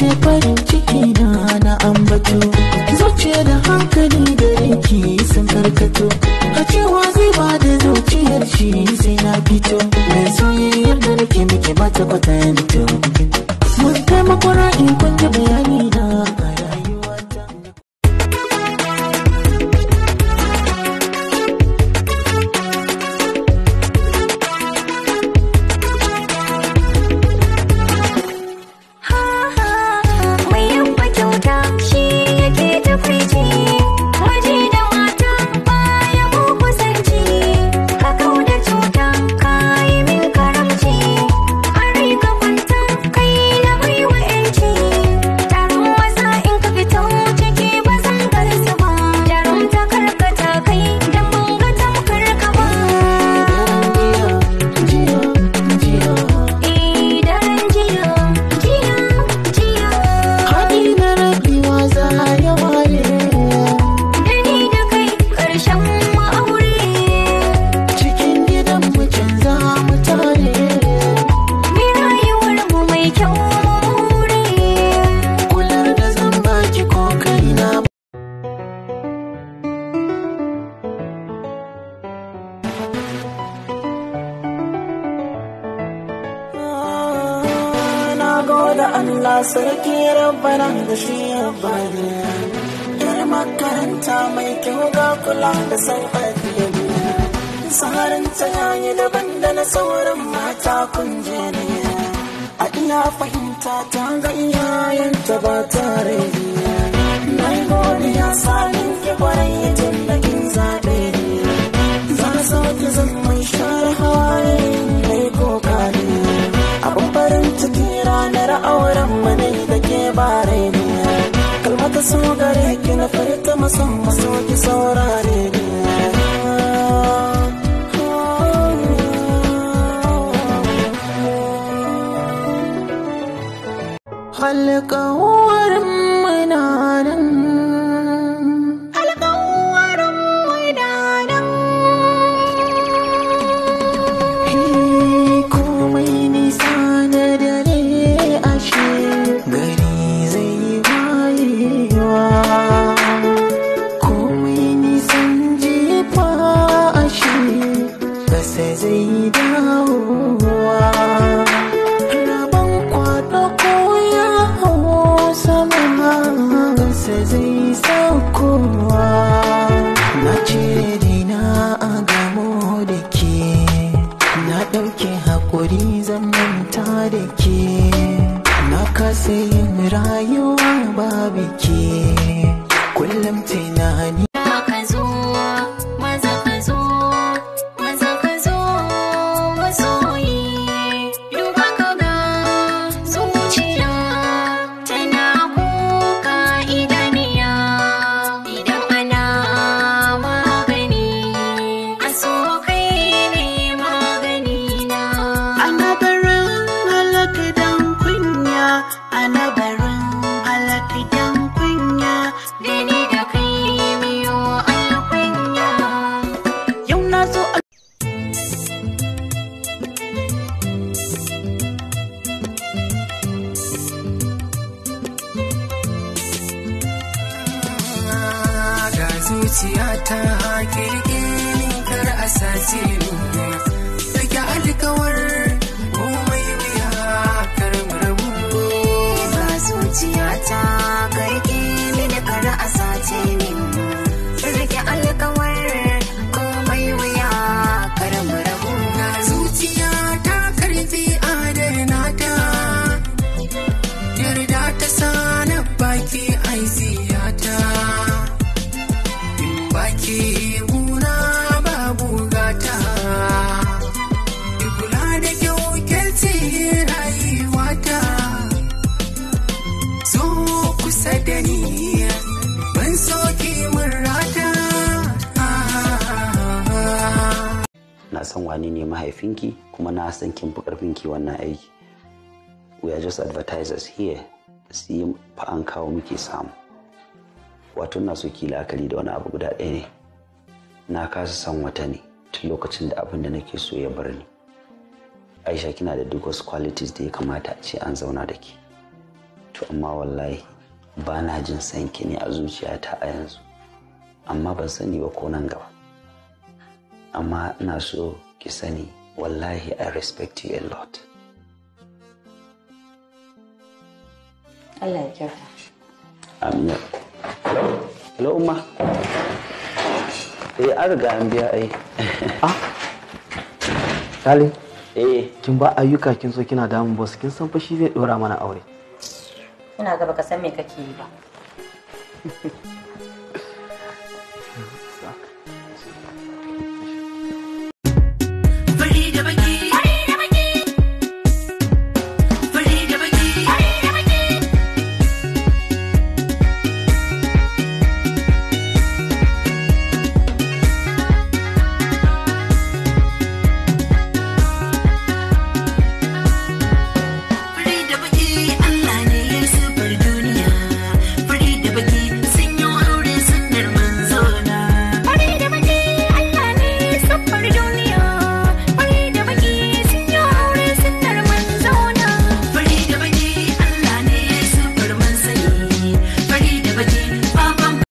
ce farin ciki na na ambato zuciya da hankali da riki sun karkato a cewa zai ba da zuciyar shi sai na fito mai soyayyar da nake miki ba ta kwatanto mun kai makwara in kun ji bayani na Allah sarki rabbana da shi rabbani yar makaranta mai kyau ga kula da san addini saharin ta yayi daban da na sauran mata kunje ne a ina fahimta ta ga iyayen ta ba tare na yi godiya sanin ki kwarai tun da kin zaɓe ne za sauki zan mai share ne ko ta so gare ki na farta musamman so ki saurare ni halƙawar mana kowa na ce dina a gamo da ke na ɗauke haƙuri zamanta da ke na kasa yin rayuwa babu ke kullum tunani ta haƙiƙinin kar a sati. na san wani ne mahaifinki kuma na san kin fi karfinki wannan aiki we are just advertisers here sai fa an kawo muke samu wato na so ki la'akari da wani abu guda ɗaya ne na kasa san wata ne tun lokacin da abin da nake so ya bar ni aisha kina da duk wasu qualities da ya kamata a ce an zauna da ke to amma wallahi ba na jin san ki ne a zuciyata a yanzu amma ban sani ba ko nan gaba amma ina so ki sani wallahi i respect you a lot Allah ya kyauta. Amin. Hello, Umma. eh an riga an biya ai ah eh kin ba ayyuka kin so kina damun boss kin san fa shi zai dora mana aure ina gaba baka san me kake yi ba